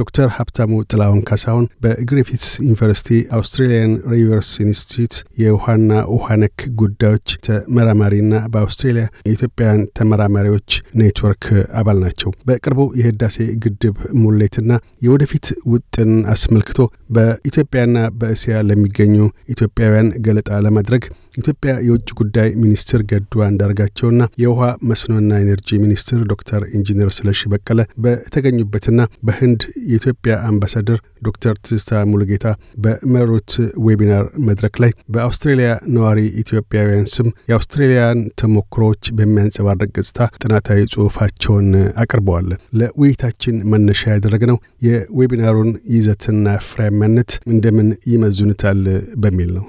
ዶክተር ሀብታሙ ጥላውን ካሳሁን በግሪፊትስ ዩኒቨርሲቲ አውስትራሊያን ሪቨርስ ኢንስቲትዩት የውሃና ውሃ ነክ ጉዳዮች ተመራማሪና በአውስትሬሊያ የኢትዮጵያውያን ተመራማሪዎች ኔትወርክ አባል ናቸው። በቅርቡ የህዳሴ ግድብ ሙሌትና የወደፊት ውጥን አስመልክቶ በኢትዮጵያና በእስያ ለሚገኙ ኢትዮጵያውያን ገለጣ ለማድረግ ኢትዮጵያ የውጭ ጉዳይ ሚኒስትር ገዱ አንዳርጋቸውና የውሃ መስኖና ኢነርጂ ሚኒስትር ዶክተር ኢንጂነር ስለሺ በቀለ በተገኙበትና በህንድ የኢትዮጵያ አምባሳደር ዶክተር ትስታ ሙሉጌታ በመሩት ዌቢናር መድረክ ላይ በአውስትሬልያ ነዋሪ ኢትዮጵያውያን ስም የአውስትሬልያን ተሞክሮዎች በሚያንጸባርቅ ገጽታ ጥናታዊ ጽሑፋቸውን አቅርበዋል። ለውይይታችን መነሻ ያደረግነው የዌቢናሩን ይዘትና ፍሬያማነት እንደምን ይመዝኑታል በሚል ነው።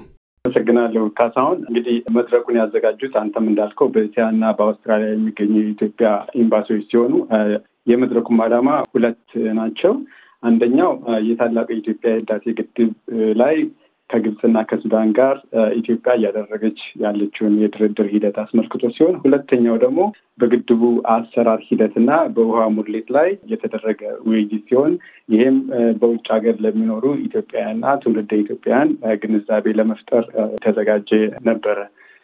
አመሰግናለሁ ካሳሁን። እንግዲህ መድረኩን ያዘጋጁት አንተም እንዳልከው በእስያ እና በአውስትራሊያ የሚገኙ የኢትዮጵያ ኤምባሲዎች ሲሆኑ የመድረኩም ዓላማ ሁለት ናቸው። አንደኛው የታላቁ የኢትዮጵያ ህዳሴ ግድብ ላይ ከግብፅና ከሱዳን ጋር ኢትዮጵያ እያደረገች ያለችውን የድርድር ሂደት አስመልክቶ ሲሆን ሁለተኛው ደግሞ በግድቡ አሰራር ሂደትና በውሃ ሙሌት ላይ የተደረገ ውይይት ሲሆን ይህም በውጭ ሀገር ለሚኖሩ ኢትዮጵያውያንና ትውልደ ኢትዮጵያውያን ግንዛቤ ለመፍጠር ተዘጋጀ ነበረ።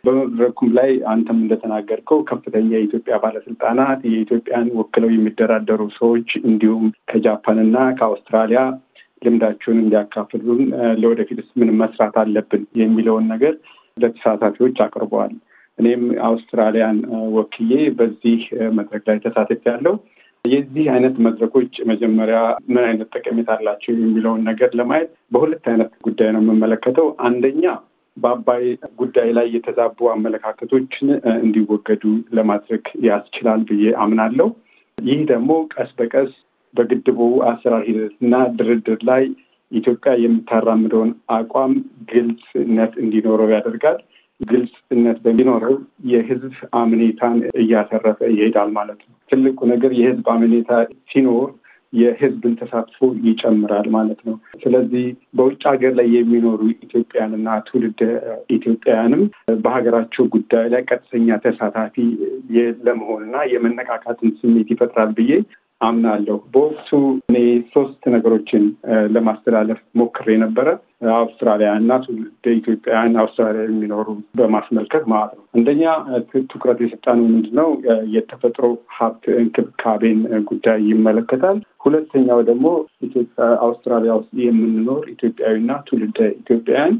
በመድረኩም ላይ አንተም እንደተናገርከው ከፍተኛ የኢትዮጵያ ባለስልጣናት የኢትዮጵያን ወክለው የሚደራደሩ ሰዎች እንዲሁም ከጃፓንና ከአውስትራሊያ ልምዳቸውን እንዲያካፍሉን ለወደፊትስ ምን መስራት አለብን የሚለውን ነገር ለተሳታፊዎች አቅርበዋል። እኔም አውስትራሊያን ወክዬ በዚህ መድረክ ላይ ያለው የዚህ አይነት መድረኮች መጀመሪያ ምን አይነት ጠቀሜታ አላቸው የሚለውን ነገር ለማየት በሁለት አይነት ጉዳይ ነው የምመለከተው። አንደኛ በአባይ ጉዳይ ላይ የተዛቡ አመለካከቶችን እንዲወገዱ ለማድረግ ያስችላል ብዬ አምናለሁ። ይህ ደግሞ ቀስ በቀስ በግድቡ አሰራር ሂደትና ድርድር ላይ ኢትዮጵያ የምታራምደውን አቋም ግልጽነት እንዲኖረው ያደርጋል። ግልጽነት በሚኖረው የህዝብ አምኔታን እያተረፈ ይሄዳል ማለት ነው። ትልቁ ነገር የህዝብ አምኔታ ሲኖር የህዝብን ተሳትፎ ይጨምራል ማለት ነው። ስለዚህ በውጭ ሀገር ላይ የሚኖሩ ኢትዮጵያውያንና ትውልድ ኢትዮጵያውያንም በሀገራቸው ጉዳይ ላይ ቀጥተኛ ተሳታፊ ለመሆንና የመነቃቃትን ስሜት ይፈጥራል ብዬ አምናለሁ። በወቅቱ እኔ ሶስት ነገሮችን ለማስተላለፍ ሞክሬ ነበረ አውስትራሊያ እና ትውልደ ኢትዮጵያውያን አውስትራሊያ የሚኖሩ በማስመልከት ማለት ነው። አንደኛ ትኩረት የሰጠነው ምንድነው የተፈጥሮ ሀብት እንክብካቤን ጉዳይ ይመለከታል። ሁለተኛው ደግሞ አውስትራሊያ ውስጥ የምንኖር ኢትዮጵያዊና ትውልደ ኢትዮጵያውያን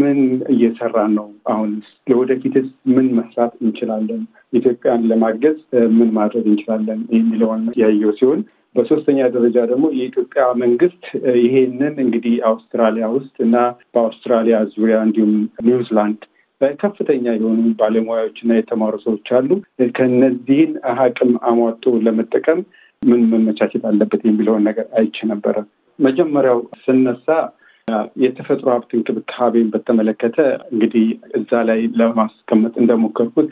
ምን እየሰራን ነው? አሁን ለወደፊትስ ምን መስራት እንችላለን? ኢትዮጵያን ለማገዝ ምን ማድረግ እንችላለን? የሚለውን ያየው ሲሆን በሶስተኛ ደረጃ ደግሞ የኢትዮጵያ መንግስት ይሄንን እንግዲህ አውስትራሊያ ውስጥ እና በአውስትራሊያ ዙሪያ እንዲሁም ኒውዚላንድ ከፍተኛ የሆኑ ባለሙያዎች እና የተማሩ ሰዎች አሉ። ከነዚህን አቅም አሟጦ ለመጠቀም ምን መመቻቸት አለበት የሚለውን ነገር አይቼ ነበረ። መጀመሪያው ስነሳ የተፈጥሮ ሀብት እንክብካቤን በተመለከተ እንግዲህ እዛ ላይ ለማስቀመጥ እንደሞከርኩት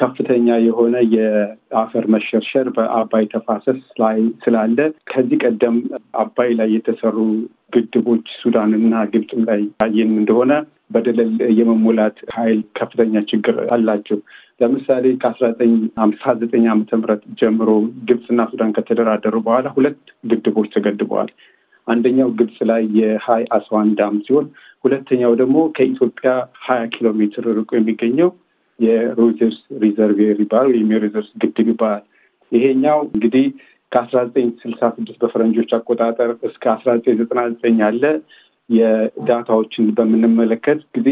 ከፍተኛ የሆነ የአፈር መሸርሸር በአባይ ተፋሰስ ላይ ስላለ ከዚህ ቀደም አባይ ላይ የተሰሩ ግድቦች ሱዳንና ግብፅም ላይ ያየን እንደሆነ በደለል የመሞላት ኃይል ከፍተኛ ችግር አላቸው። ለምሳሌ ከአስራ ዘጠኝ ሀምሳ ዘጠኝ ዓመተ ምህረት ጀምሮ ግብፅና ሱዳን ከተደራደሩ በኋላ ሁለት ግድቦች ተገድበዋል። አንደኛው ግብጽ ላይ የሀይ አስዋን ዳም ሲሆን ሁለተኛው ደግሞ ከኢትዮጵያ ሀያ ኪሎ ሜትር ርቆ የሚገኘው የሮይተርስ ሪዘርቭ ይባላል ወይም የሮይተርስ ግድብ ይባላል። ይሄኛው እንግዲህ ከአስራ ዘጠኝ ስልሳ ስድስት በፈረንጆች አቆጣጠር እስከ አስራ ዘጠኝ ዘጠና ዘጠኝ ያለ የዳታዎችን በምንመለከት ጊዜ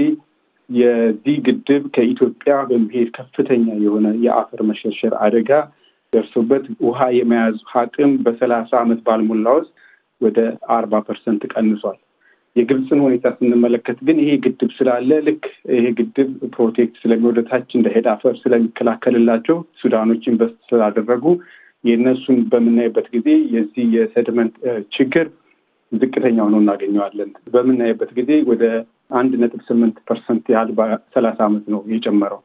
የዚህ ግድብ ከኢትዮጵያ በመሄድ ከፍተኛ የሆነ የአፈር መሸርሸር አደጋ ደርሶበት ውሃ የመያዝ አቅም በሰላሳ ዓመት ባልሞላ ውስጥ ወደ አርባ ፐርሰንት ቀንሷል። የግብፅን ሁኔታ ስንመለከት ግን ይሄ ግድብ ስላለ ልክ ይሄ ግድብ ፕሮቴክት ስለሚወደታች እንደ ሄድ አፈር ስለሚከላከልላቸው ሱዳኖች ኢንቨስት ስላደረጉ የእነሱን በምናይበት ጊዜ የዚህ የሰድመንት ችግር ዝቅተኛ ሆኖ እናገኘዋለን። በምናይበት ጊዜ ወደ አንድ ነጥብ ስምንት ፐርሰንት ያህል በሰላሳ ዓመት ነው የጨመረው።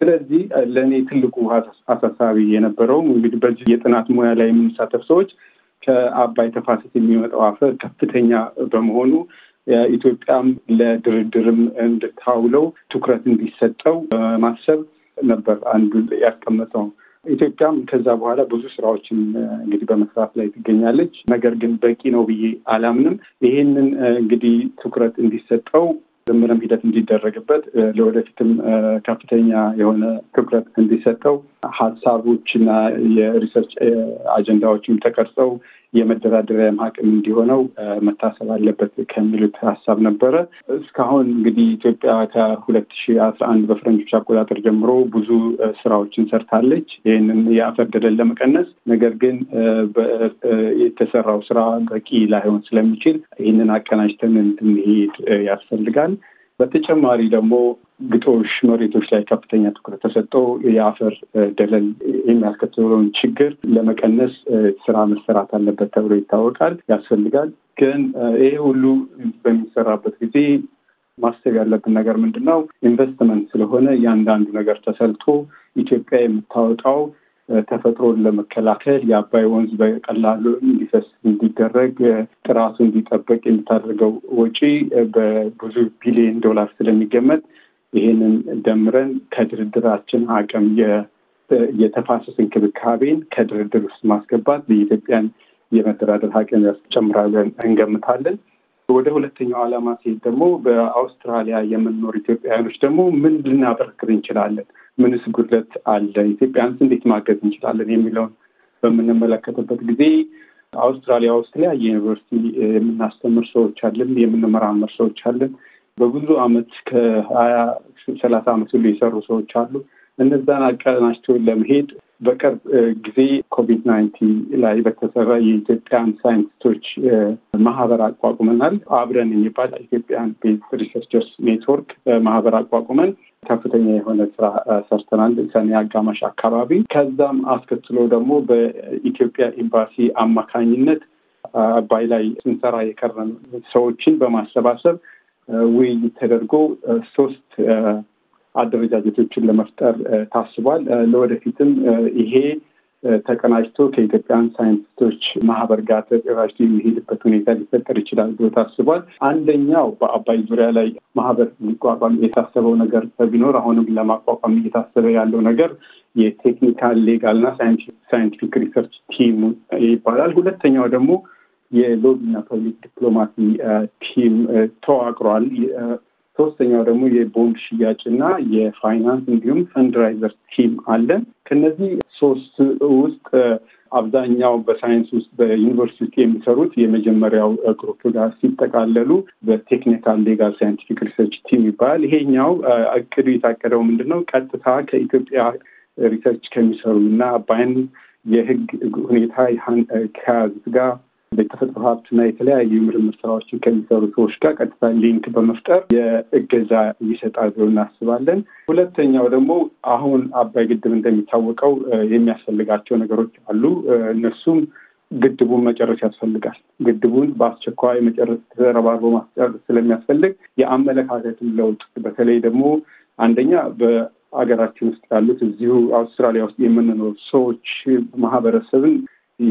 ስለዚህ ለእኔ ትልቁ አሳሳቢ የነበረው እንግዲህ በዚህ የጥናት ሙያ ላይ የምንሳተፍ ሰዎች ከአባይ ተፋሰስ የሚመጣው አፈር ከፍተኛ በመሆኑ ኢትዮጵያም ለድርድርም እንድታውለው ትኩረት እንዲሰጠው በማሰብ ነበር አንዱ ያስቀመጠው። ኢትዮጵያም ከዛ በኋላ ብዙ ስራዎችን እንግዲህ በመስራት ላይ ትገኛለች። ነገር ግን በቂ ነው ብዬ አላምንም። ይሄንን እንግዲህ ትኩረት እንዲሰጠው ምርምርም ሂደት እንዲደረግበት ለወደፊትም ከፍተኛ የሆነ ትኩረት እንዲሰጠው ሀሳቦች የሪሰርች አጀንዳዎችም ተቀርጸው የመደራደሪያ ማቅም እንዲሆነው መታሰብ አለበት ከሚሉት ሀሳብ ነበረ። እስካሁን እንግዲህ ኢትዮጵያ ከሁለት ሺ አስራ አንድ በፈረንጆች አቆጣጠር ጀምሮ ብዙ ስራዎችን ሰርታለች ይህንን የአፈር ገደል ለመቀነስ። ነገር ግን የተሰራው ስራ በቂ ላይሆን ስለሚችል ይህንን አቀናጅተን እንድንሄድ ያስፈልጋል። በተጨማሪ ደግሞ ግጦሽ መሬቶች ላይ ከፍተኛ ትኩረት ተሰጠው የአፈር ደለል የሚያስከትለውን ችግር ለመቀነስ ስራ መሰራት አለበት ተብሎ ይታወቃል፣ ያስፈልጋል። ግን ይሄ ሁሉ በሚሰራበት ጊዜ ማሰብ ያለብን ነገር ምንድን ነው? ኢንቨስትመንት ስለሆነ እያንዳንዱ ነገር ተሰልቶ ኢትዮጵያ የምታወጣው ተፈጥሮን ለመከላከል የአባይ ወንዝ በቀላሉ እንዲፈስ እንዲደረግ ጥራቱ እንዲጠበቅ የምታደርገው ወጪ በብዙ ቢሊዮን ዶላር ስለሚገመት ይህንን ደምረን ከድርድራችን አቅም የተፋሰስ እንክብካቤን ከድርድር ውስጥ ማስገባት የኢትዮጵያን የመደራደር አቅም ያስጨምራለን እንገምታለን። ወደ ሁለተኛው ዓላማ ሲሄድ ደግሞ በአውስትራሊያ የምንኖር ኢትዮጵያውያኖች ደግሞ ምን ልናበረክት እንችላለን? ምንስ ጉድለት አለ? ኢትዮጵያንስ እንዴት ማገዝ እንችላለን? የሚለውን በምንመለከትበት ጊዜ አውስትራሊያ ውስጥ ላይ የዩኒቨርሲቲ የምናስተምር ሰዎች አለን፣ የምንመራመር ሰዎች አለን። በብዙ አመት ከሀያ ሰላሳ አመት ሁሉ የሰሩ ሰዎች አሉ። እነዛን አቀናጅቶን ለመሄድ በቅርብ ጊዜ ኮቪድ ናይንቲን ላይ በተሰራ የኢትዮጵያን ሳይንቲስቶች ማህበር አቋቁመናል። አብረን የሚባል ኢትዮጵያን ቤዝ ሪሰርቸርስ ኔትወርክ ማህበር አቋቁመን ከፍተኛ የሆነ ስራ ሰርተናል። ሰኔ አጋማሽ አካባቢ ከዛም አስከትሎ ደግሞ በኢትዮጵያ ኤምባሲ አማካኝነት አባይ ላይ ስንሰራ የቀረን ሰዎችን በማሰባሰብ ውይይት ተደርጎ ሶስት አደረጃጀቶችን ለመፍጠር ታስቧል። ለወደፊትም ይሄ ተቀናጅቶ ከኢትዮጵያን ሳይንቲስቶች ማህበር ጋር ተደራጅቶ የሚሄድበት ሁኔታ ሊፈጠር ይችላል ብሎ ታስቧል። አንደኛው በአባይ ዙሪያ ላይ ማህበር ሊቋቋም የታሰበው ነገር ቢኖር አሁንም ለማቋቋም እየታሰበ ያለው ነገር የቴክኒካል ሌጋልና ሳይንቲፊክ ሪሰርች ቲም ይባላል። ሁለተኛው ደግሞ የሎቢና ፐብሊክ ዲፕሎማሲ ቲም ተዋቅሯል። ሶስተኛው ደግሞ የቦንድ ሽያጭና የፋይናንስ እንዲሁም ፈንድራይዘር ቲም አለን። ከነዚህ ሶስት ውስጥ አብዛኛው በሳይንስ ውስጥ በዩኒቨርሲቲ ውስጥ የሚሰሩት የመጀመሪያው ግሩፕ ጋር ሲጠቃለሉ በቴክኒካል ሌጋል ሳይንቲፊክ ሪሰርች ቲም ይባላል። ይሄኛው እቅዱ የታቀደው ምንድን ነው? ቀጥታ ከኢትዮጵያ ሪሰርች ከሚሰሩ እና ባይን የህግ ሁኔታ ከያዙት ጋር የተፈጥሮ ሀብትና የተለያዩ ምርምር ስራዎችን ከሚሰሩ ሰዎች ጋር ቀጥታ ሊንክ በመፍጠር የእገዛ ይሰጣል ብሎ እናስባለን። ሁለተኛው ደግሞ አሁን አባይ ግድብ እንደሚታወቀው የሚያስፈልጋቸው ነገሮች አሉ። እነሱም ግድቡን መጨረስ ያስፈልጋል። ግድቡን በአስቸኳይ መጨረስ ተረባርቦ ማስጨረስ ስለሚያስፈልግ የአመለካከትን ለውጥ በተለይ ደግሞ አንደኛ በአገራችን ውስጥ ያሉት እዚሁ አውስትራሊያ ውስጥ የምንኖር ሰዎች ማህበረሰብን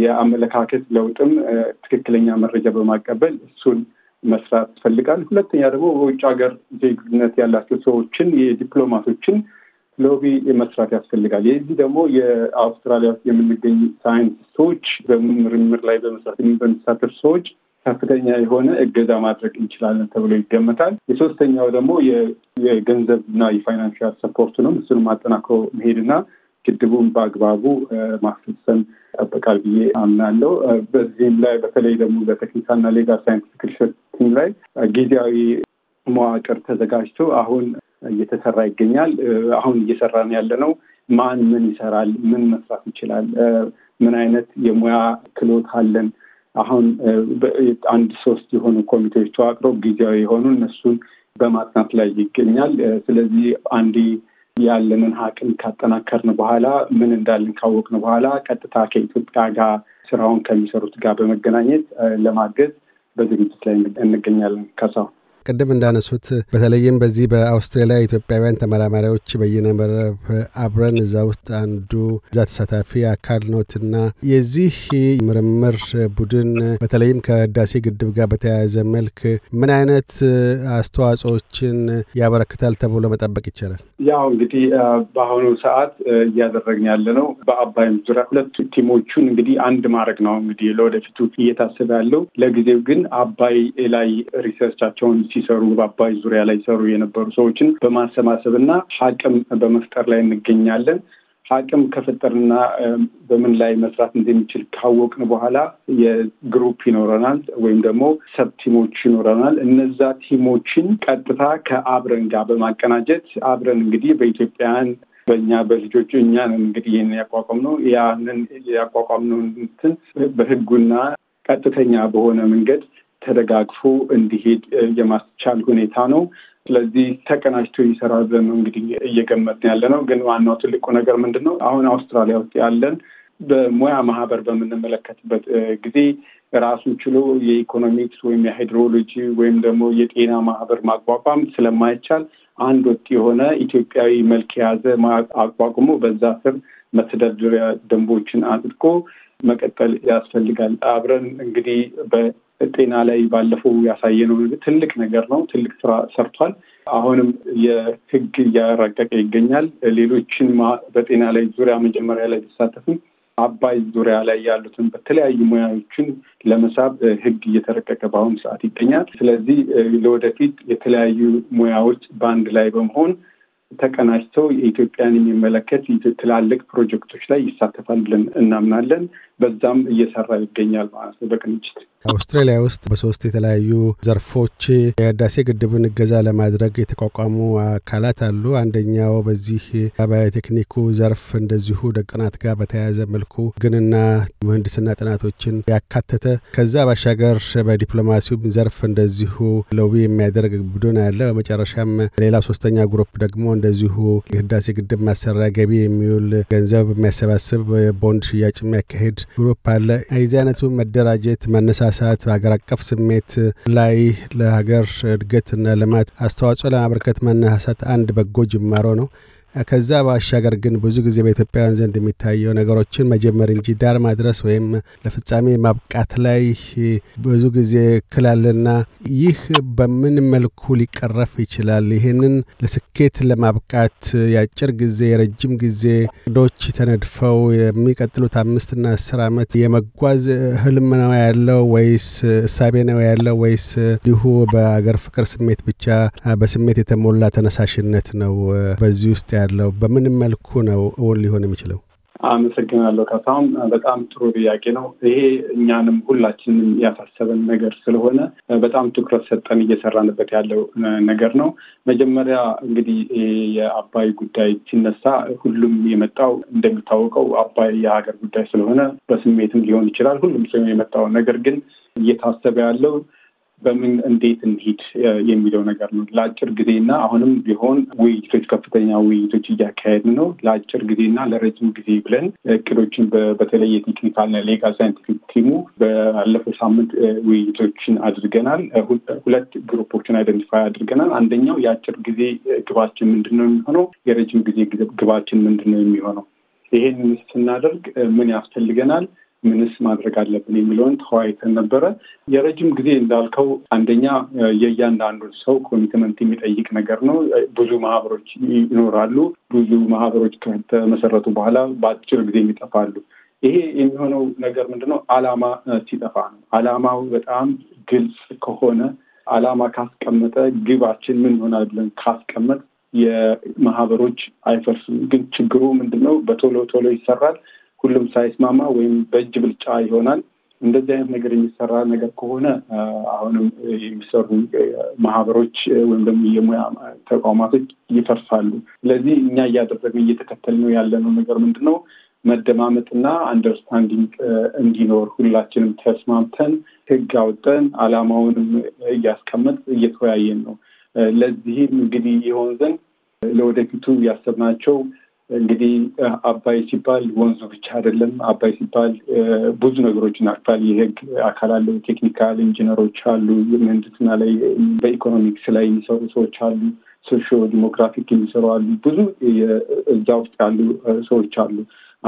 የአመለካከት ለውጥም ትክክለኛ መረጃ በማቀበል እሱን መስራት ይፈልጋል። ሁለተኛ ደግሞ በውጭ ሀገር ዜግነት ያላቸው ሰዎችን የዲፕሎማቶችን ሎቢ መስራት ያስፈልጋል። የዚህ ደግሞ የአውስትራሊያ ውስጥ የምንገኝ ሳይንቲስቶች በምርምር ላይ በመስራት በሚሳተፍ ሰዎች ከፍተኛ የሆነ እገዛ ማድረግ እንችላለን ተብሎ ይገመታል። የሶስተኛው ደግሞ የገንዘብና የፋይናንሽል ሰፖርት ነው። እሱን ማጠናክሮ መሄድና ግድቡን በአግባቡ ማስፈጸም ይጠበቃል ብዬ አምናለው። በዚህም ላይ በተለይ ደግሞ በቴክኒካልና ሌጋል ሳይንስ ሪሰርችም ላይ ጊዜያዊ መዋቅር ተዘጋጅቶ አሁን እየተሰራ ይገኛል። አሁን እየሰራን ያለ ነው። ማን ምን ይሰራል፣ ምን መስራት ይችላል፣ ምን አይነት የሙያ ክሎት አለን አሁን አንድ ሶስት የሆኑ ኮሚቴዎች ተዋቅረው ጊዜያዊ የሆኑ እነሱን በማጥናት ላይ ይገኛል። ስለዚህ አንዴ ያለንን አቅም ካጠናከርን በኋላ ምን እንዳለን ካወቅን በኋላ ቀጥታ ከኢትዮጵያ ጋር ስራውን ከሚሰሩት ጋር በመገናኘት ለማገዝ በዝግጅት ላይ እንገኛለን። ካሳሁን ቅድም እንዳነሱት በተለይም በዚህ በአውስትራሊያ ኢትዮጵያውያን ተመራማሪዎች በየነ መረብ አብረን እዛ ውስጥ አንዱ እዛ ተሳታፊ አካል ኖትና የዚህ ምርምር ቡድን በተለይም ከህዳሴ ግድብ ጋር በተያያዘ መልክ ምን አይነት አስተዋጽኦችን ያበረክታል ተብሎ መጠበቅ ይቻላል? ያው እንግዲህ በአሁኑ ሰዓት እያደረግን ያለ ነው በአባይም ዙሪያ ሁለቱ ቲሞቹን እንግዲህ አንድ ማድረግ ነው እንግዲህ ለወደፊቱ እየታሰበ ያለው ለጊዜው ግን አባይ ላይ ሪሰርቻቸውን ሲሰሩ በአባይ ዙሪያ ላይ ሰሩ የነበሩ ሰዎችን በማሰባሰብ እና ሀቅም በመፍጠር ላይ እንገኛለን። ሀቅም ከፈጠርና በምን ላይ መስራት እንደሚችል ካወቅን በኋላ የግሩፕ ይኖረናል ወይም ደግሞ ሰብ ቲሞች ይኖረናል። እነዛ ቲሞችን ቀጥታ ከአብረን ጋር በማቀናጀት አብረን እንግዲህ በኢትዮጵያውያን በእኛ በልጆቹ እኛን እንግዲህ ይህን ያቋቋም ነው ያንን ያቋቋም ነው እንትን በህጉና ቀጥተኛ በሆነ መንገድ ተደጋግፎ እንዲሄድ የማስቻል ሁኔታ ነው። ስለዚህ ተቀናጅቶ ይሰራል ብለን ነው እንግዲህ እየገመትን ያለ ነው። ግን ዋናው ትልቁ ነገር ምንድን ነው? አሁን አውስትራሊያ ውስጥ ያለን በሙያ ማህበር በምንመለከትበት ጊዜ ራሱን ችሎ የኢኮኖሚክስ ወይም የሃይድሮሎጂ ወይም ደግሞ የጤና ማህበር ማቋቋም ስለማይቻል አንድ ወጥ የሆነ ኢትዮጵያዊ መልክ የያዘ አቋቁሞ በዛ ስር መተዳደሪያ ደንቦችን አጥድቆ መቀጠል ያስፈልጋል። አብረን እንግዲህ ጤና ላይ ባለፈው ያሳየነው ትልቅ ነገር ነው። ትልቅ ስራ ሰርቷል። አሁንም የህግ እያረቀቀ ይገኛል። ሌሎችን በጤና ላይ ዙሪያ መጀመሪያ ላይ ቢሳተፍም አባይ ዙሪያ ላይ ያሉትን በተለያዩ ሙያዎችን ለመሳብ ህግ እየተረቀቀ በአሁኑ ሰዓት ይገኛል። ስለዚህ ለወደፊት የተለያዩ ሙያዎች በአንድ ላይ በመሆን ተቀናጅተው የኢትዮጵያን የሚመለከት ትላልቅ ፕሮጀክቶች ላይ ይሳተፋል ብለን እናምናለን። በዛም እየሰራ ይገኛል ማለት ነው በቅንጅት አውስትራሊያ ውስጥ በሶስት የተለያዩ ዘርፎች የህዳሴ ግድብን እገዛ ለማድረግ የተቋቋሙ አካላት አሉ። አንደኛው በዚህ በቴክኒኩ ዘርፍ እንደዚሁ ደቅናት ጋር በተያያዘ መልኩ ግንና ምህንድስና ጥናቶችን ያካተተ፣ ከዛ ባሻገር በዲፕሎማሲው ዘርፍ እንደዚሁ ሎቢ የሚያደርግ ቡድን አለ። በመጨረሻም ሌላ ሶስተኛ ግሩፕ ደግሞ እንደዚሁ የህዳሴ ግድብ ማሰራ ገቢ የሚውል ገንዘብ የሚያሰባስብ ቦንድ ሽያጭ የሚያካሄድ ግሩፕ አለ። የዚህ አይነቱ መደራጀት፣ መነሳሳት በሀገር አቀፍ ስሜት ላይ ለሀገር እድገትና ልማት አስተዋጽኦ ለማበርከት መነሳሳት አንድ በጎ ጅማሮ ነው። ከዛ ባሻገር ግን ብዙ ጊዜ በኢትዮጵያውያን ዘንድ የሚታየው ነገሮችን መጀመር እንጂ ዳር ማድረስ ወይም ለፍጻሜ ማብቃት ላይ ብዙ ጊዜ ክላልና ይህ በምን መልኩ ሊቀረፍ ይችላል? ይህንን ለስኬት ለማብቃት የአጭር ጊዜ የረጅም ጊዜ ዶች ተነድፈው የሚቀጥሉት አምስትና አስር ዓመት የመጓዝ ህልም ነው ያለው ወይስ እሳቤ ነው ያለው ወይስ እንዲሁ በአገር ፍቅር ስሜት ብቻ በስሜት የተሞላ ተነሳሽነት ነው በዚህ ውስጥ ያለው በምን መልኩ ነው እውን ሊሆን የሚችለው? አመሰግናለሁ ካሳሁን፣ በጣም ጥሩ ጥያቄ ነው። ይሄ እኛንም ሁላችንም ያሳሰበን ነገር ስለሆነ በጣም ትኩረት ሰጠን እየሰራንበት ያለው ነገር ነው። መጀመሪያ እንግዲህ የአባይ ጉዳይ ሲነሳ ሁሉም የመጣው እንደሚታወቀው አባይ የሀገር ጉዳይ ስለሆነ በስሜትም ሊሆን ይችላል ሁሉም ሰው የመጣው ነገር ግን እየታሰበ ያለው በምን እንዴት እንሂድ የሚለው ነገር ነው። ለአጭር ጊዜና አሁንም ቢሆን ውይይቶች፣ ከፍተኛ ውይይቶች እያካሄድ ነው። ለአጭር ጊዜና ለረጅም ጊዜ ብለን እቅዶችን በተለይ የቴክኒካልና ሌጋል ሳይንቲፊክ ቲሙ ባለፈው ሳምንት ውይይቶችን አድርገናል። ሁለት ግሩፖችን አይደንቲፋይ አድርገናል። አንደኛው የአጭር ጊዜ ግባችን ምንድን ነው የሚሆነው፣ የረጅም ጊዜ ግባችን ምንድን ነው የሚሆነው። ይሄን ስናደርግ ምን ያስፈልገናል ምንስ ማድረግ አለብን የሚለውን ተወያይተን ነበረ። የረጅም ጊዜ እንዳልከው አንደኛ የእያንዳንዱን ሰው ኮሚትመንት የሚጠይቅ ነገር ነው። ብዙ ማህበሮች ይኖራሉ። ብዙ ማህበሮች ከተመሰረቱ በኋላ በአጭር ጊዜ ይጠፋሉ። ይሄ የሚሆነው ነገር ምንድነው? አላማ ሲጠፋ ነው። አላማው በጣም ግልጽ ከሆነ አላማ ካስቀመጠ፣ ግባችን ምን ይሆናል ብለን ካስቀመጥ የማህበሮች አይፈርስም። ግን ችግሩ ምንድነው? በቶሎ ቶሎ ይሰራል ሁሉም ሳይስማማ ወይም በእጅ ብልጫ ይሆናል። እንደዚህ አይነት ነገር የሚሰራ ነገር ከሆነ አሁንም የሚሰሩ ማህበሮች ወይም ደግሞ የሙያ ተቋማቶች ይፈርሳሉ። ስለዚህ እኛ እያደረግን እየተከተልነው ያለነው ነገር ምንድን ነው? መደማመጥና አንደርስታንዲንግ እንዲኖር ሁላችንም ተስማምተን ህግ አውጠን አላማውንም እያስቀመጥ እየተወያየን ነው። ለዚህም እንግዲህ የሆን ዘንድ ለወደፊቱ ያሰብናቸው እንግዲህ አባይ ሲባል ወንዙ ብቻ አይደለም። አባይ ሲባል ብዙ ነገሮችን ያቅፋል። የህግ አካል አለ፣ ቴክኒካል ኢንጂነሮች አሉ፣ ምህንድስና ላይ በኢኮኖሚክስ ላይ የሚሰሩ ሰዎች አሉ፣ ሶሾ ዲሞግራፊክ የሚሰሩ አሉ፣ ብዙ እዛ ውስጥ ያሉ ሰዎች አሉ።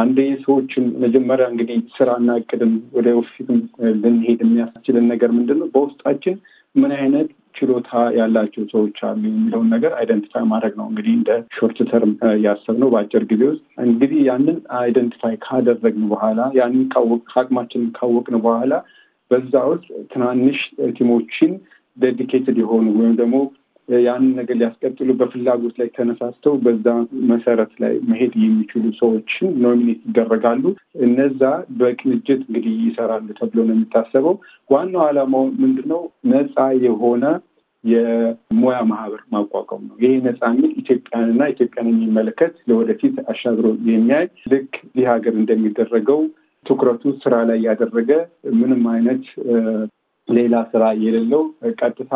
አንድ ሰዎችን መጀመሪያ እንግዲህ ስራና እቅድም ወደ ወደፊትም ልንሄድ የሚያስችልን ነገር ምንድን ነው? በውስጣችን ምን አይነት ችሎታ ያላቸው ሰዎች አሉ የሚለውን ነገር አይደንቲፋይ ማድረግ ነው። እንግዲህ እንደ ሾርት ተርም ያሰብነው በአጭር ጊዜ ውስጥ እንግዲህ ያንን አይደንቲፋይ ካደረግን በኋላ ያንን አቅማችንን ካወቅን በኋላ በዛ ውስጥ ትናንሽ ቲሞችን ዴዲኬትድ የሆኑ ወይም ደግሞ ያንን ነገር ሊያስቀጥሉ በፍላጎት ላይ ተነሳስተው በዛ መሰረት ላይ መሄድ የሚችሉ ሰዎችን ኖሚኔት ይደረጋሉ። እነዛ በቅንጅት እንግዲህ ይሰራሉ ተብሎ ነው የሚታሰበው። ዋናው ዓላማው ምንድነው? ነፃ የሆነ የሙያ ማህበር ማቋቋም ነው። ይሄ ነፃ የሚል ኢትዮጵያንና ኢትዮጵያን የሚመለከት ለወደፊት አሻግሮ የሚያይ ልክ ይህ ሀገር እንደሚደረገው ትኩረቱ ስራ ላይ ያደረገ ምንም አይነት ሌላ ስራ የሌለው ቀጥታ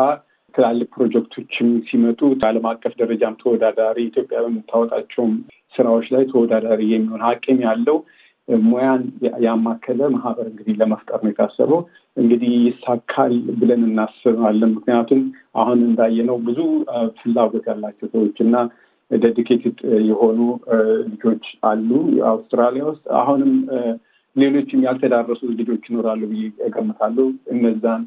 ትላልቅ ፕሮጀክቶችም ሲመጡ ዓለም አቀፍ ደረጃም ተወዳዳሪ ኢትዮጵያ በምታወጣቸውም ስራዎች ላይ ተወዳዳሪ የሚሆን አቅም ያለው ሙያን ያማከለ ማህበር እንግዲህ ለመፍጠር ነው የታሰበው። እንግዲህ ይሳካል ብለን እናስባለን። ምክንያቱም አሁን እንዳየነው ብዙ ፍላጎት ያላቸው ሰዎች እና ዴዲኬትድ የሆኑ ልጆች አሉ አውስትራሊያ ውስጥ። አሁንም ሌሎችም ያልተዳረሱ ልጆች ይኖራሉ ብዬ እገምታለሁ እነዛን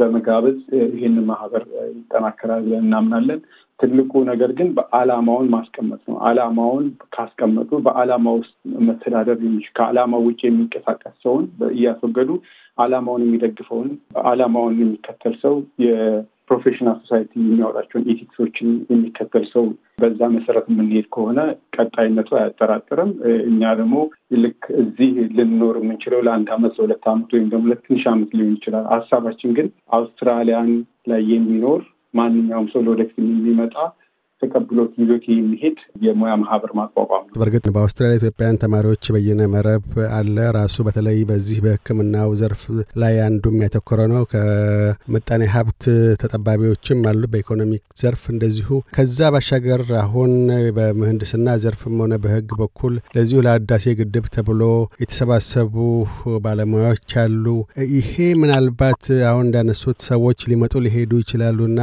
በመጋበዝ ይህንን ማህበር ይጠናከራል ብለን እናምናለን። ትልቁ ነገር ግን በአላማውን ማስቀመጥ ነው። አላማውን ካስቀመጡ በአላማ ውስጥ መተዳደር የሚች ከአላማ ውጭ የሚንቀሳቀስ ሰውን እያስወገዱ አላማውን የሚደግፈውን አላማውን የሚከተል ሰው ፕሮፌሽናል ሶሳይቲ የሚያወጣቸውን ኤቲክሶችን የሚከተል ሰው በዛ መሰረት የምንሄድ ከሆነ ቀጣይነቱ አያጠራጥርም። እኛ ደግሞ ልክ እዚህ ልንኖር የምንችለው ለአንድ አመት፣ ለሁለት አመት ወይም ደግሞ ለትንሽ አመት ሊሆን ይችላል። ሀሳባችን ግን አውስትራሊያን ላይ የሚኖር ማንኛውም ሰው ለወደፊት የሚመጣ ተቀብሎት ይዞት የሚሄድ የሙያ ማህበር ማቋቋም ነው። በእርግጥ በአውስትራሊያ ኢትዮጵያውያን ተማሪዎች በየነ መረብ አለ። ራሱ በተለይ በዚህ በሕክምናው ዘርፍ ላይ አንዱም የሚያተኮረ ነው። ከምጣኔ ሀብት ተጠባቢዎችም አሉ፣ በኢኮኖሚክ ዘርፍ እንደዚሁ። ከዛ ባሻገር አሁን በምህንድስና ዘርፍም ሆነ በህግ በኩል ለዚሁ ለህዳሴ ግድብ ተብሎ የተሰባሰቡ ባለሙያዎች አሉ። ይሄ ምናልባት አሁን እንዳነሱት ሰዎች ሊመጡ ሊሄዱ ይችላሉና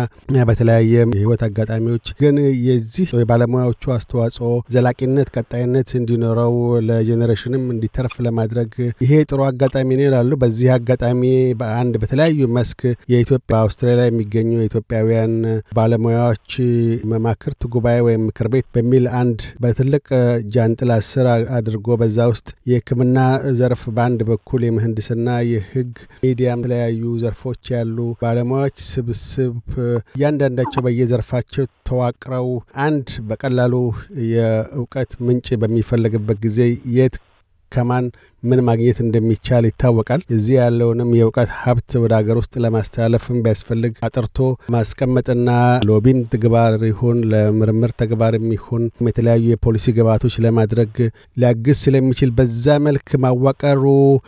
በተለያየ የህይወት አጋጣሚዎች ግን የዚህ የባለሙያዎቹ አስተዋጽኦ ዘላቂነት፣ ቀጣይነት እንዲኖረው ለጄኔሬሽንም እንዲተርፍ ለማድረግ ይሄ ጥሩ አጋጣሚ ነው ይላሉ። በዚህ አጋጣሚ በአንድ በተለያዩ መስክ የኢትዮጵያ አውስትራሊያ የሚገኙ የኢትዮጵያውያን ባለሙያዎች መማክርት ጉባኤ ወይም ምክር ቤት በሚል አንድ በትልቅ ጃንጥላ ስር አድርጎ በዛ ውስጥ የሕክምና ዘርፍ በአንድ በኩል የምህንድስና፣ የህግ፣ ሚዲያም የተለያዩ ዘርፎች ያሉ ባለሙያዎች ስብስብ እያንዳንዳቸው በየዘርፋቸው ተዋቅረው የምትሰራው? አንድ በቀላሉ የእውቀት ምንጭ በሚፈለግበት ጊዜ የት ከማን ምን ማግኘት እንደሚቻል ይታወቃል። እዚህ ያለውንም የእውቀት ሀብት ወደ ሀገር ውስጥ ለማስተላለፍም ቢያስፈልግ አጥርቶ ማስቀመጥና ሎቢን ተግባር ይሁን ለምርምር ተግባር የሚሆን የተለያዩ የፖሊሲ ግብዓቶች ለማድረግ ሊያግዝ ስለሚችል በዛ መልክ ማዋቀሩ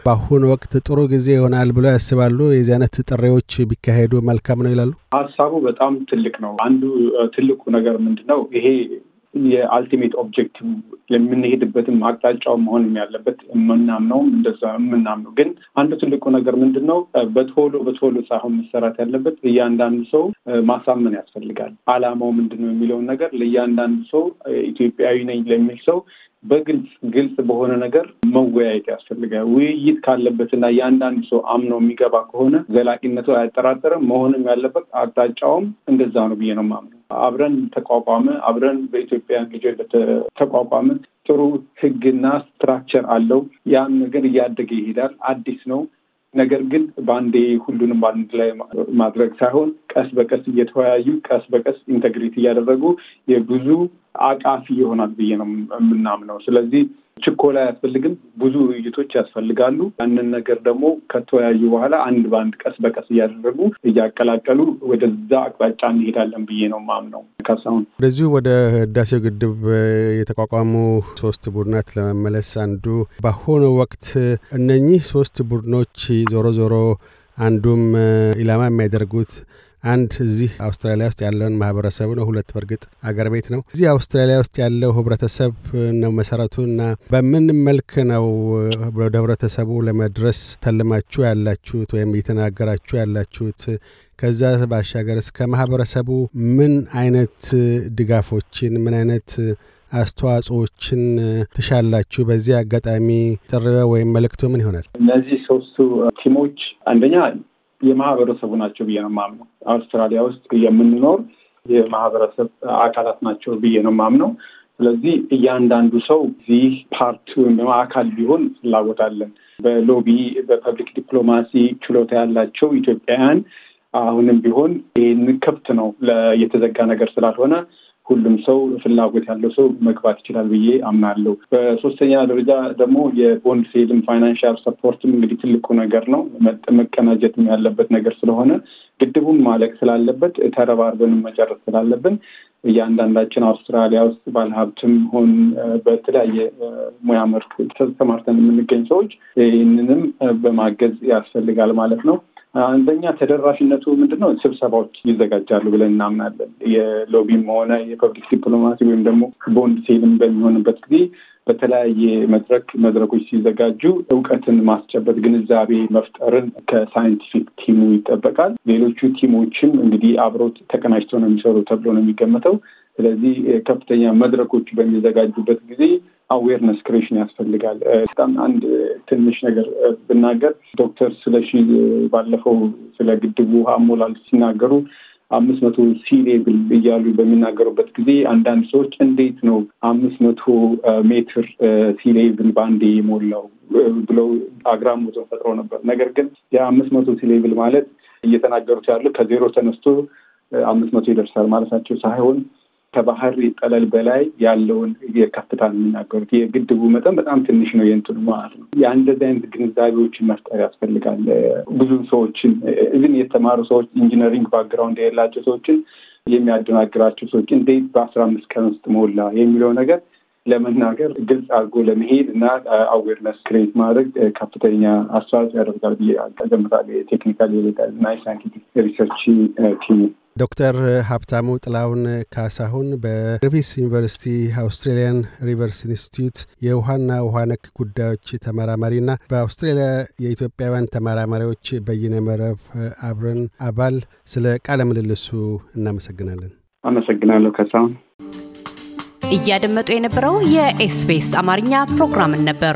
በአሁኑ ወቅት ጥሩ ጊዜ ይሆናል ብሎ ያስባሉ። የዚህ አይነት ጥሪዎች ቢካሄዱ መልካም ነው ይላሉ። ሀሳቡ በጣም ትልቅ ነው። አንዱ ትልቁ ነገር ምንድን ነው ይሄ የአልቲሜት ኦብጀክቲቭ የምንሄድበትም አቅጣጫው መሆንም ያለበት የምናምነው እንደዛ የምናምነው። ግን አንዱ ትልቁ ነገር ምንድን ነው? በቶሎ በቶሎ ሳይሆን መሰራት ያለበት እያንዳንዱ ሰው ማሳመን ያስፈልጋል። አላማው ምንድን ነው የሚለውን ነገር ለእያንዳንዱ ሰው ኢትዮጵያዊ ነኝ ለሚል ሰው በግልጽ ግልጽ በሆነ ነገር መወያየት ያስፈልጋል። ውይይት ካለበትና የአንዳንድ ሰው አምኖ የሚገባ ከሆነ ዘላቂነቱ አያጠራጠርም መሆንም ያለበት አቅጣጫውም እንደዛ ነው ብዬ ነው የማምነው። አብረን ተቋቋመ አብረን በኢትዮጵያ ጊዜ ተቋቋመ ጥሩ ህግና ስትራክቸር አለው። ያን ነገር እያደገ ይሄዳል። አዲስ ነው። ነገር ግን በአንዴ ሁሉንም በአንድ ላይ ማድረግ ሳይሆን ቀስ በቀስ እየተወያዩ ቀስ በቀስ ኢንተግሬት እያደረጉ የብዙ አቃፊ ይሆናል ብዬ ነው የምናምነው። ስለዚህ ችኮላ አያስፈልግም። ብዙ ውይይቶች ያስፈልጋሉ። ያንን ነገር ደግሞ ከተወያዩ በኋላ አንድ በአንድ ቀስ በቀስ እያደረጉ እያቀላቀሉ ወደዛ አቅጣጫ እንሄዳለን ብዬ ነው ማምነው። ካሳሁን፣ ወደዚሁ ወደ ህዳሴው ግድብ የተቋቋሙ ሶስት ቡድናት ለመመለስ አንዱ በአሁኑ ወቅት እነኚህ ሶስት ቡድኖች ዞሮ ዞሮ አንዱም ኢላማ የሚያደርጉት አንድ እዚህ አውስትራሊያ ውስጥ ያለውን ማህበረሰብ ነው፣ ሁለት በእርግጥ አገር ቤት ነው። እዚህ አውስትራሊያ ውስጥ ያለው ህብረተሰብ ነው መሰረቱ እና በምን መልክ ነው ወደ ህብረተሰቡ ለመድረስ ተልማችሁ ያላችሁት ወይም እየተናገራችሁ ያላችሁት? ከዛ እስከ ከማህበረሰቡ ምን አይነት ድጋፎችን ምን አይነት አስተዋጽዎችን ትሻላችሁ? በዚህ አጋጣሚ ጥሪ ወይም መልእክቱ ምን ይሆናል? እነዚህ ሶስቱ ቲሞች አንደኛ የማህበረሰቡ ናቸው ብዬ ነው የማምነው። አውስትራሊያ ውስጥ የምንኖር የማህበረሰብ አካላት ናቸው ብዬ ነው የማምነው። ስለዚህ እያንዳንዱ ሰው እዚህ ፓርት ወይም አካል ቢሆን ፍላጎት አለን። በሎቢ በፐብሊክ ዲፕሎማሲ ችሎታ ያላቸው ኢትዮጵያውያን አሁንም ቢሆን ይህን ክፍት ነው የተዘጋ ነገር ስላልሆነ ሁሉም ሰው ፍላጎት ያለው ሰው መግባት ይችላል ብዬ አምናለሁ። በሶስተኛ ደረጃ ደግሞ የቦንድ ሴልም ፋይናንሻል ሰፖርትም እንግዲህ ትልቁ ነገር ነው። መቀናጀትም ያለበት ነገር ስለሆነ ግድቡን ማለቅ ስላለበት ተረባርበንም መጨረስ ስላለብን እያንዳንዳችን አውስትራሊያ ውስጥ ባለሀብትም ሆን በተለያየ ሙያ መልክ ተሰማርተን የምንገኝ ሰዎች ይህንንም በማገዝ ያስፈልጋል ማለት ነው። አንደኛ ተደራሽነቱ ምንድን ነው? ስብሰባዎች ይዘጋጃሉ ብለን እናምናለን። የሎቢም ሆነ የፐብሊክ ዲፕሎማሲ ወይም ደግሞ ቦንድ ሴልም በሚሆንበት ጊዜ በተለያየ መድረክ መድረኮች ሲዘጋጁ እውቀትን ማስጨበጥ ግንዛቤ መፍጠርን ከሳይንቲፊክ ቲሙ ይጠበቃል። ሌሎቹ ቲሞችም እንግዲህ አብረው ተቀናጅተው ነው የሚሰሩ ተብሎ ነው የሚገመተው። ስለዚህ ከፍተኛ መድረኮች በሚዘጋጁበት ጊዜ አዌርነስ ክሬሽን ያስፈልጋል። በጣም አንድ ትንሽ ነገር ብናገር ዶክተር ስለሺ ባለፈው ስለ ግድቡ ውሃ ሞላል ሲናገሩ አምስት መቶ ሲሌብል እያሉ በሚናገሩበት ጊዜ አንዳንድ ሰዎች እንዴት ነው አምስት መቶ ሜትር ሲሌብል በአንዴ የሞላው ብለው አግራሞትን ፈጥረው ነበር። ነገር ግን የአምስት መቶ ሲሌብል ማለት እየተናገሩት ያሉ ከዜሮ ተነስቶ አምስት መቶ ይደርሳል ማለታቸው ሳይሆን ከባህር ጠለል በላይ ያለውን የከፍታ የሚናገሩት የግድቡ መጠን በጣም ትንሽ ነው የእንትኑ ማለት ነው። የአንደዚ አይነት ግንዛቤዎችን መፍጠር ያስፈልጋል። ብዙ ሰዎችን እዚህ የተማሩ ሰዎች ኢንጂነሪንግ ባክግራውንድ የሌላቸው ሰዎችን የሚያደናግራቸው ሰዎች እንዴት በአስራ አምስት ቀን ውስጥ ሞላ የሚለው ነገር ለመናገር ግልጽ አድርጎ ለመሄድ እና አዌርነስ ክሬት ማድረግ ከፍተኛ አስተዋጽኦ ያደርጋል ብዬ ገምታለሁ። የቴክኒካል የሌጣ እና የሳይንቲፊክ ሪሰርች ቲሙ ዶክተር ሀብታሙ ጥላውን ካሳሁን በግሪፊስ ዩኒቨርሲቲ አውስትሬሊያን ሪቨርስ ኢንስቲትዩት የውሃና ውሃ ነክ ጉዳዮች ተመራማሪና በአውስትሬሊያ የኢትዮጵያውያን ተመራማሪዎች በይነ መረብ አብረን አባል፣ ስለ ቃለ ምልልሱ እናመሰግናለን። አመሰግናለሁ ከሳሁን። እያደመጡ የነበረው የኤስፔስ አማርኛ ፕሮግራምን ነበር።